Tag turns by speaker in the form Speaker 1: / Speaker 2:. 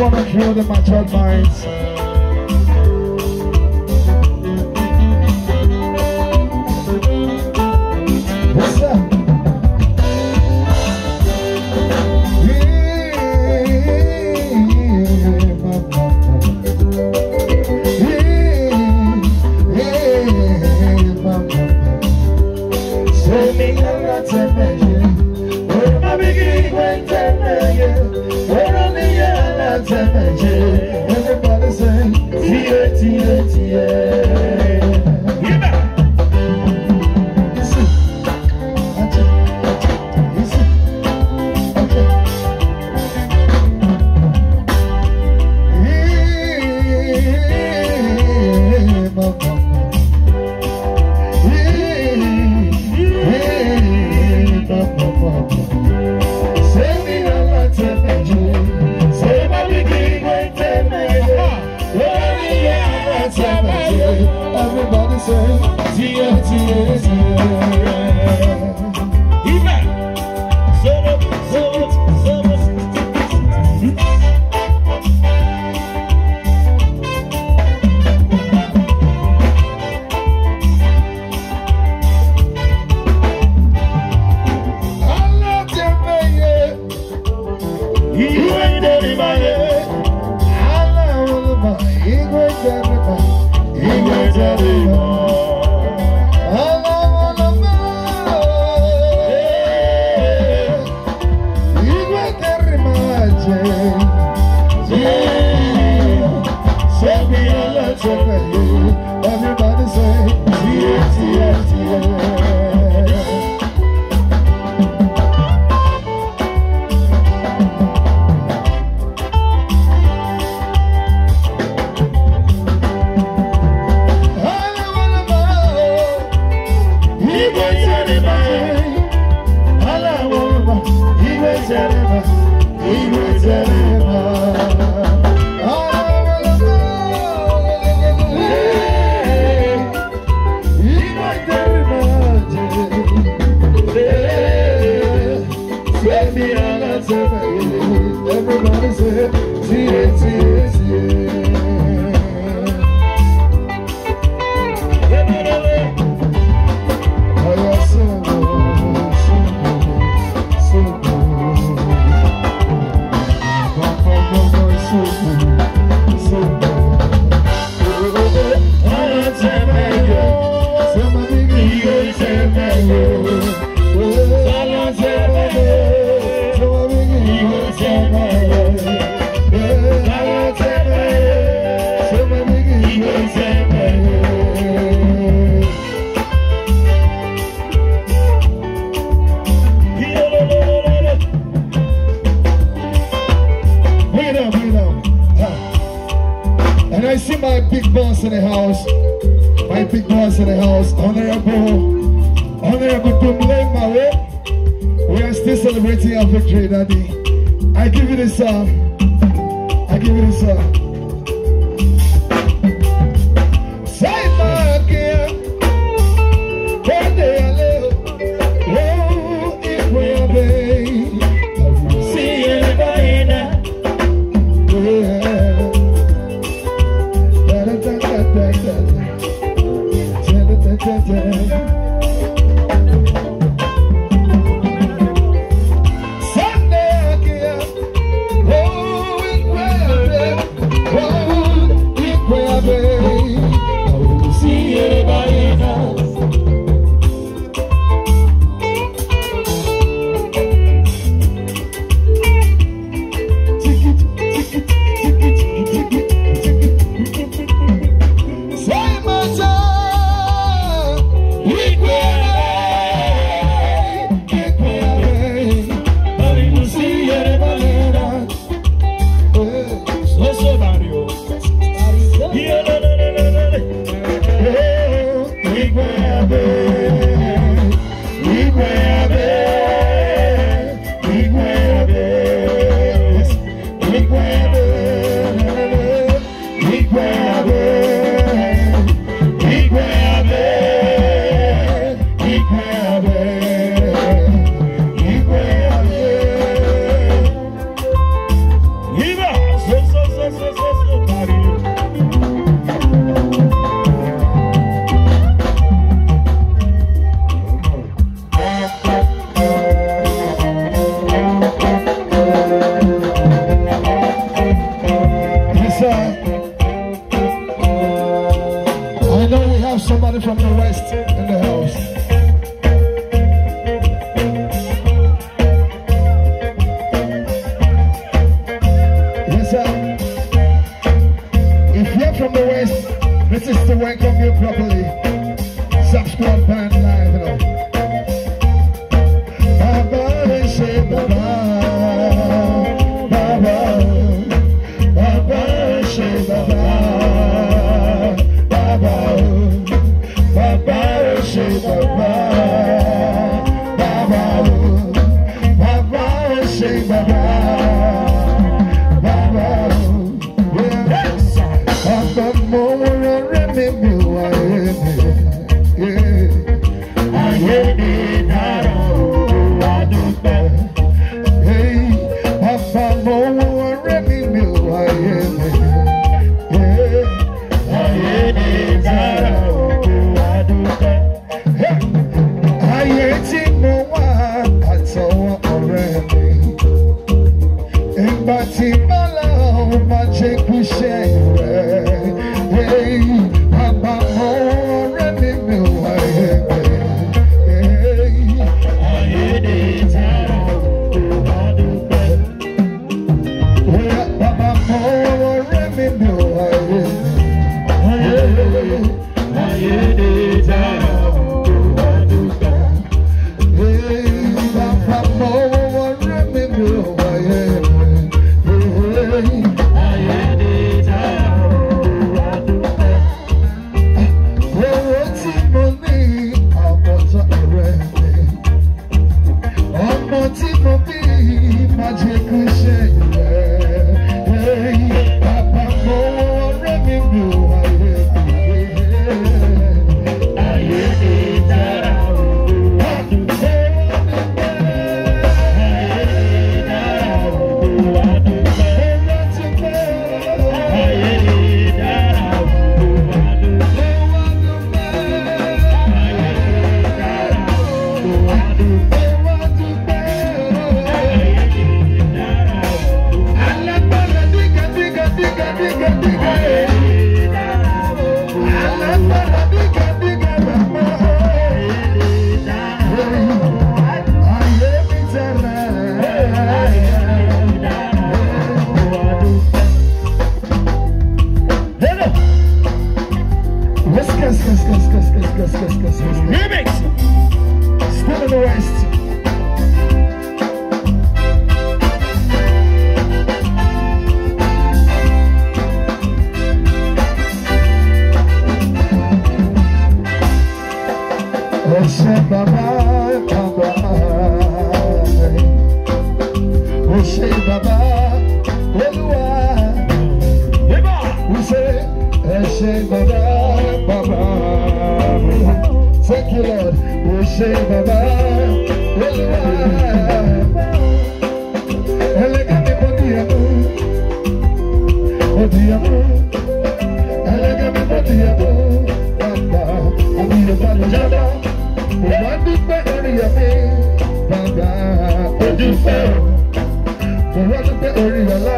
Speaker 1: wanna hear the match minds. changes. Everybody's in, T-A-T-A-T-A. Oh. I see my big boss in the house, my big boss in the house, Honorable, Honorable Dumle Mawe, we are still celebrating our victory Daddy. I give you this song. I give you this song. love you properly. subscribe and like, Live, you know. Baba, say Baba. Baba. Baba, say Baba. Baba. Baba, say Baba. Baba. Baba, say Baba. Baba, yeah. Baba, more. Michel. Ẹ̀ṣẹ̀ bàbá kan bá rẹ̀. Ẹ̀ṣẹ̀ bàbá olúwa. Wíṣẹ́ ẹ̀ṣẹ̀ bàbá bàbá mi. Thank you Lord. Ẹ̀ṣẹ̀ bàbá olúwa. Ẹlẹ́gẹ́ mi kò di ẹ̀mú. Kò di ẹ̀mú. Ẹlẹ́gẹ́ mi kò di ẹ̀mú. dúpẹ́ o kò wá dúpẹ́ orí ọlá.